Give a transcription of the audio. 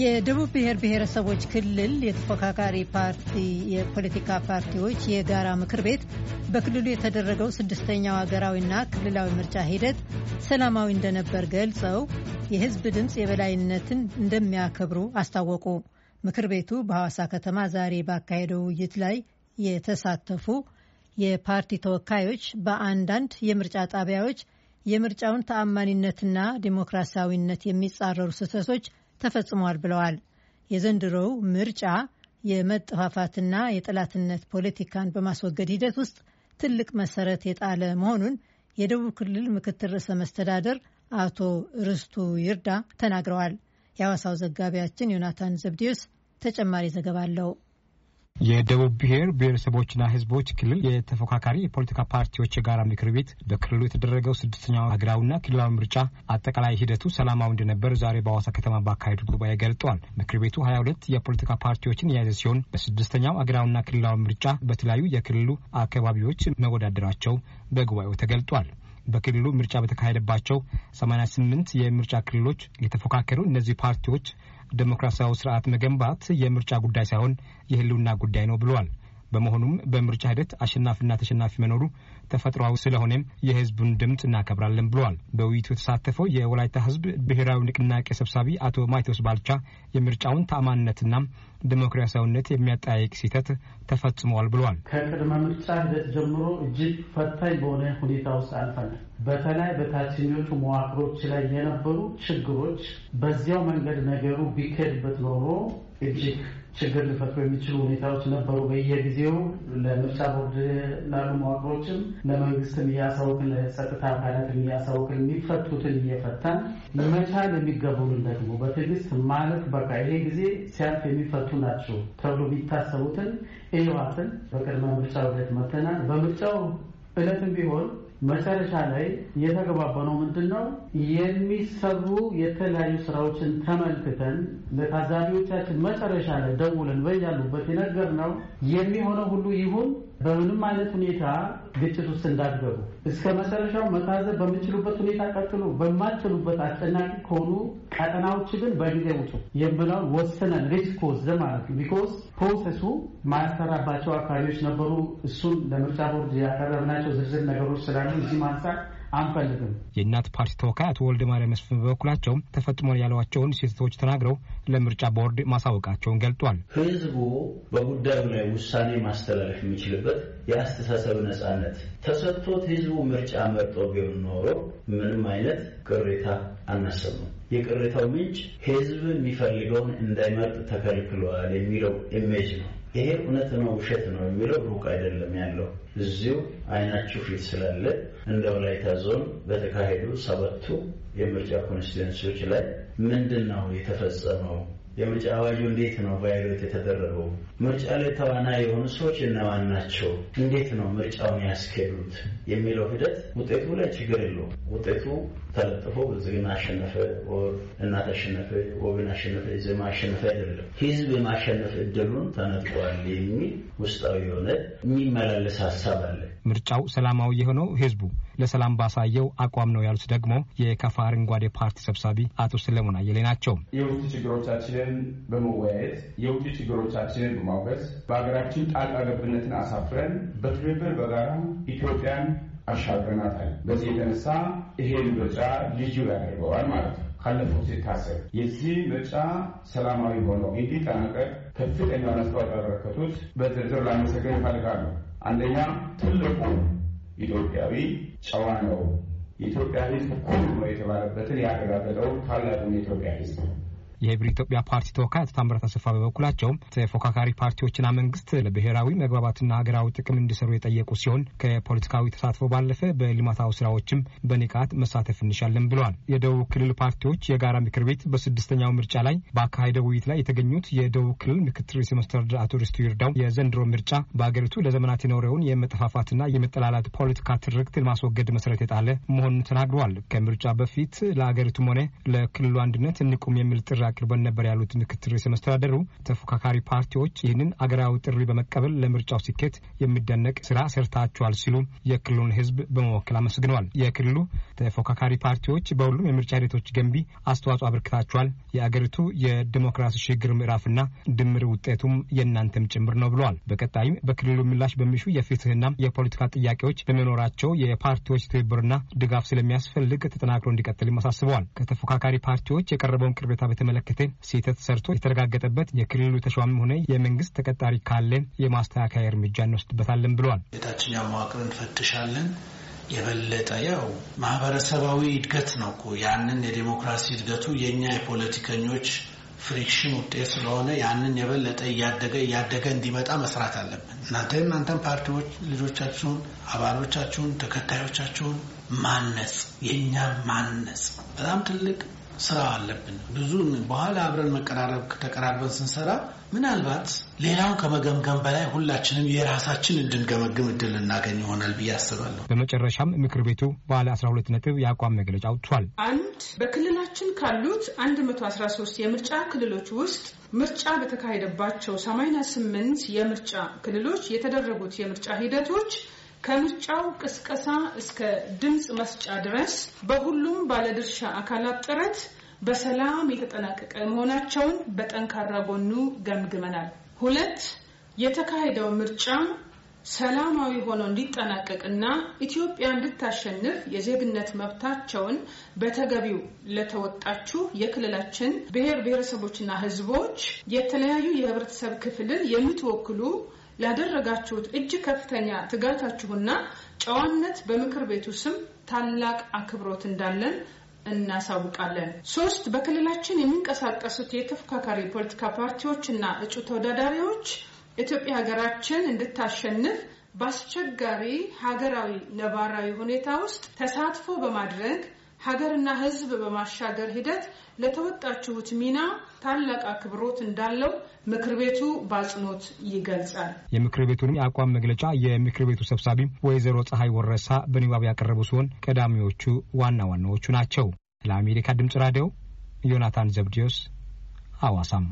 የደቡብ ብሔር ብሔረሰቦች ክልል የተፎካካሪ ፓርቲ የፖለቲካ ፓርቲዎች የጋራ ምክር ቤት በክልሉ የተደረገው ስድስተኛው ሀገራዊና ክልላዊ ምርጫ ሂደት ሰላማዊ እንደነበር ገልጸው የሕዝብ ድምፅ የበላይነትን እንደሚያከብሩ አስታወቁ። ምክር ቤቱ በሐዋሳ ከተማ ዛሬ ባካሄደው ውይይት ላይ የተሳተፉ የፓርቲ ተወካዮች በአንዳንድ የምርጫ ጣቢያዎች የምርጫውን ተአማኒነትና ዲሞክራሲያዊነት የሚጻረሩ ስህተቶች ተፈጽሟል ብለዋል። የዘንድሮው ምርጫ የመጠፋፋትና የጠላትነት ፖለቲካን በማስወገድ ሂደት ውስጥ ትልቅ መሰረት የጣለ መሆኑን የደቡብ ክልል ምክትል ርዕሰ መስተዳደር አቶ ርስቱ ይርዳ ተናግረዋል። የሐዋሳው ዘጋቢያችን ዮናታን ዘብዲዮስ ተጨማሪ ዘገባ አለው። የደቡብ ብሔር ብሔረሰቦችና ህዝቦች ክልል የተፎካካሪ የፖለቲካ ፓርቲዎች የጋራ ምክር ቤት በክልሉ የተደረገው ስድስተኛው ሀገራዊና ክልላዊ ምርጫ አጠቃላይ ሂደቱ ሰላማዊ እንደነበር ዛሬ በአዋሳ ከተማ በአካሄዱ ጉባኤ ገልጠዋል። ምክር ቤቱ ሀያ ሁለት የፖለቲካ ፓርቲዎችን የያዘ ሲሆን በስድስተኛው ሀገራዊና ክልላዊ ምርጫ በተለያዩ የክልሉ አካባቢዎች መወዳደራቸው በጉባኤው ተገልጧል። በክልሉ ምርጫ በተካሄደባቸው 88 የምርጫ ክልሎች የተፎካከሩ እነዚህ ፓርቲዎች ዴሞክራሲያዊ ስርዓት መገንባት የምርጫ ጉዳይ ሳይሆን የህልውና ጉዳይ ነው ብሏል። በመሆኑም በምርጫ ሂደት አሸናፊና ተሸናፊ መኖሩ ተፈጥሯዊ ስለሆነም የህዝቡን ድምፅ እናከብራለን ብለዋል። በውይይቱ የተሳተፈው የወላይታ ህዝብ ብሔራዊ ንቅናቄ ሰብሳቢ አቶ ማቴዎስ ባልቻ የምርጫውን ተአማንነትና ዲሞክራሲያዊነት የሚያጠያይቅ ስህተት ተፈጽሟል ብለዋል። ከቅድመ ምርጫ ሂደት ጀምሮ እጅግ ፈታኝ በሆነ ሁኔታ ውስጥ አልፈናል። በተለይ በታችኞቹ መዋቅሮች ላይ የነበሩ ችግሮች በዚያው መንገድ ነገሩ ቢካሄድበት ኖሮ እጅግ ችግር ሊፈቱ የሚችሉ ሁኔታዎች ነበሩ። በየጊዜው ለምርጫ ቦርድ ላሉ መዋቅሮችም ለመንግስትም እያሳወቅን ለጸጥታ አካላትም እያሳወቅን የሚፈቱትን እየፈታን መቻል የሚገቡንን ደግሞ በትዕግስት ማለት በቃ ይሄ ጊዜ ሲያልፍ የሚፈቱ ናቸው ተብሎ የሚታሰቡትን እዋትን በቅድመ ምርጫ ውደት መተናል በምርጫው እለትም ቢሆን መጨረሻ ላይ የተገባበነው ምንድን ነው? የሚሰሩ የተለያዩ ስራዎችን ተመልክተን ለታዛቢዎቻችን መጨረሻ ላይ ደውለን በያሉበት የነገርነው የሚሆነው ሁሉ ይሁን፣ በምንም አይነት ሁኔታ ግጭት ውስጥ እንዳትገቡ፣ እስከ መጨረሻው መታዘብ በምችሉበት ሁኔታ ቀጥሉ፣ በማትችሉበት አስጨናቂ ከሆኑ ቀጠናዎች ግን በጊዜ ውጡ የምለውን ወስነን ሪስክ ወስደን ማለት ነው። ቢኮዝ ፕሮሰሱ ማያሰራባቸው አካባቢዎች ነበሩ። እሱን ለምርጫ ቦርድ ያቀረብናቸው ዝርዝር ነገሮች ስላሉ እዚህ ማንሳት አንፈልግም። የእናት ፓርቲ ተወካይ አቶ ወልደ ማርያም መስፍን በበኩላቸው ተፈጥሞን ያሏቸውን ስህተቶች ተናግረው ለምርጫ ቦርድ ማሳወቃቸውን ገልጧል። ህዝቡ በጉዳዩ ላይ ውሳኔ ማስተላለፍ የሚችልበት የአስተሳሰብ ነጻነት ተሰጥቶት ህዝቡ ምርጫ መርጦ ቢሆን ኖሮ ምንም አይነት ቅሬታ አናሰሙም። የቅሬታው ምንጭ ህዝብ የሚፈልገውን እንዳይመርጥ ተከልክሏል የሚለው ኢሜጅ ነው። ይሄ እውነት ነው ውሸት ነው የሚለው ሩቅ አይደለም ያለው እዚሁ አይናችሁ ፊት ስላለ እንደ ወላይታ ዞን በተካሄዱ ሰባቱ የምርጫ ኮንስቲትዌንሲዎች ላይ ምንድን ነው የተፈጸመው የምርጫ አዋጁ እንዴት ነው ቫዮሌት የተደረገው? ምርጫ ላይ ተዋና የሆኑ ሰዎች እነማን ናቸው? እንዴት ነው ምርጫውን ያስኬዱት? የሚለው ሂደት ውጤቱ ላይ ችግር የለውም። ውጤቱ ተለጥፎ ብልጽግና አሸነፈ፣ እናት አሸነፈ፣ ወብን አሸነፈ፣ ኢዜማ አሸነፈ አይደለም። ህዝብ የማሸነፍ እድሉን ተነጥቋል የሚል ውስጣዊ የሆነ የሚመላለስ ሀሳብ አለ። ምርጫው ሰላማዊ የሆነው ህዝቡ ለሰላም ባሳየው አቋም ነው ያሉት ደግሞ የከፋ አረንጓዴ ፓርቲ ሰብሳቢ አቶ ሰለሞን አየሌ ናቸው። የውጭ ችግሮቻችንን በመወያየት የውጭ ችግሮቻችንን በማውገዝ በሀገራችን ጣልቃ ገብነትን አሳፍረን በትብብር በጋራ ኢትዮጵያን አሻግረናታል። በዚህ የተነሳ ይሄን ምርጫ ልዩ ያደርገዋል ማለት ነው። ካለፈው ሲታሰብ የዚህ ምርጫ ሰላማዊ ሆነው እንዲጠናቀቅ ከፍተኛውን አስተዋጽኦ ያበረከቱት በዝርዝር ላመሰግን ይፈልጋሉ። አንደኛ ትልቁ ኢትዮጵያዊ ጨዋ ነው፣ የኢትዮጵያ ሕዝብ እኩል ነው የተባለበትን ያረጋገጠው ታላቁን የኢትዮጵያ ሕዝብ የህብር ኢትዮጵያ ፓርቲ ተወካይ አቶ ታምራት አሰፋ በበኩላቸው ተፎካካሪ ፓርቲዎችና መንግስት ለብሔራዊ መግባባትና ሀገራዊ ጥቅም እንዲሰሩ የጠየቁ ሲሆን ከፖለቲካዊ ተሳትፎ ባለፈ በልማታዊ ስራዎችም በንቃት መሳተፍ እንሻለን ብለዋል። የደቡብ ክልል ፓርቲዎች የጋራ ምክር ቤት በስድስተኛው ምርጫ ላይ በአካሄደው ውይይት ላይ የተገኙት የደቡብ ክልል ምክትል ርዕሰ መስተዳድር አቶ ርስቱ ይርዳው የዘንድሮ ምርጫ በአገሪቱ ለዘመናት የኖረውን የመጠፋፋትና የመጠላላት ፖለቲካ ትርክት ለማስወገድ መሰረት የጣለ መሆኑን ተናግረዋል። ከምርጫ በፊት ለአገሪቱም ሆነ ለክልሉ አንድነት እንቁም የሚል ጥራ አቅርበን ነበር ያሉት ምክትል ርዕሰ መስተዳደሩ ተፎካካሪ ፓርቲዎች ይህንን አገራዊ ጥሪ በመቀበል ለምርጫው ስኬት የሚደነቅ ስራ ሰርታችኋል ሲሉ የክልሉን ህዝብ በመወከል አመስግነዋል። የክልሉ ተፎካካሪ ፓርቲዎች በሁሉም የምርጫ ሂደቶች ገንቢ አስተዋጽኦ አበርክታችኋል። የአገሪቱ የዲሞክራሲ ሽግግር ምዕራፍና ድምር ውጤቱም የእናንተም ጭምር ነው ብለዋል። በቀጣይም በክልሉ ምላሽ በሚሹ የፍትህና የፖለቲካ ጥያቄዎች በመኖራቸው የፓርቲዎች ትብብርና ድጋፍ ስለሚያስፈልግ ተጠናክሮ እንዲቀጥል አሳስበዋል። ከተፎካካሪ ፓርቲዎች የቀረበውን ቅርቤታ በተመላ በተመለከተ ስህተት ሰርቶ የተረጋገጠበት የክልሉ ተሿሚም ሆነ የመንግስት ተቀጣሪ ካለን የማስተካከያ እርምጃ እንወስድበታለን ብለዋል። የታችኛው መዋቅር እንፈትሻለን። የበለጠ ያው ማህበረሰባዊ እድገት ነው እኮ ያንን የዴሞክራሲ እድገቱ የእኛ የፖለቲከኞች ፍሪክሽን ውጤት ስለሆነ ያንን የበለጠ እያደገ እያደገ እንዲመጣ መስራት አለብን። እናንተ እናንተም ፓርቲዎች ልጆቻችሁን፣ አባሎቻችሁን፣ ተከታዮቻችሁን ማነጽ የእኛ ማነጽ በጣም ትልቅ ስራ አለብን። ብዙ በኋላ አብረን መቀራረብ ተቀራርበን ስንሰራ ምናልባት ሌላውን ከመገምገም በላይ ሁላችንም የራሳችን እንድንገመግም እድል እናገኝ ይሆናል ብዬ አስባለሁ። በመጨረሻም ምክር ቤቱ ባለ 12 ነጥብ የአቋም መግለጫ አውጥቷል። አንድ በክልላችን ካሉት 113 የምርጫ ክልሎች ውስጥ ምርጫ በተካሄደባቸው 88 የምርጫ ክልሎች የተደረጉት የምርጫ ሂደቶች ከምርጫው ቅስቀሳ እስከ ድምፅ መስጫ ድረስ በሁሉም ባለድርሻ አካላት ጥረት በሰላም የተጠናቀቀ መሆናቸውን በጠንካራ ጎኑ ገምግመናል። ሁለት የተካሄደው ምርጫ ሰላማዊ ሆኖ እንዲጠናቀቅና ኢትዮጵያ እንድታሸንፍ የዜግነት መብታቸውን በተገቢው ለተወጣችሁ የክልላችን ብሔር ብሔረሰቦችና ሕዝቦች የተለያዩ የህብረተሰብ ክፍልን የምትወክሉ ላደረጋችሁት እጅ ከፍተኛ ትጋታችሁና ጨዋነት በምክር ቤቱ ስም ታላቅ አክብሮት እንዳለን እናሳውቃለን። ሶስት በክልላችን የሚንቀሳቀሱት የተፎካካሪ ፖለቲካ ፓርቲዎችና እጩ ተወዳዳሪዎች ኢትዮጵያ ሀገራችን እንድታሸንፍ በአስቸጋሪ ሀገራዊ ነባራዊ ሁኔታ ውስጥ ተሳትፎ በማድረግ ሀገርና ሕዝብ በማሻገር ሂደት ለተወጣችሁት ሚና ታላቅ አክብሮት እንዳለው ምክር ቤቱ በአጽንኦት ይገልጻል። የምክር ቤቱንም የአቋም መግለጫ የምክር ቤቱ ሰብሳቢ ወይዘሮ ፀሐይ ወረሳ በንባብ ያቀረቡ ሲሆን ቀዳሚዎቹ ዋና ዋናዎቹ ናቸው። ለአሜሪካ ድምጽ ራዲዮ ዮናታን ዘብዲዮስ አዋሳም።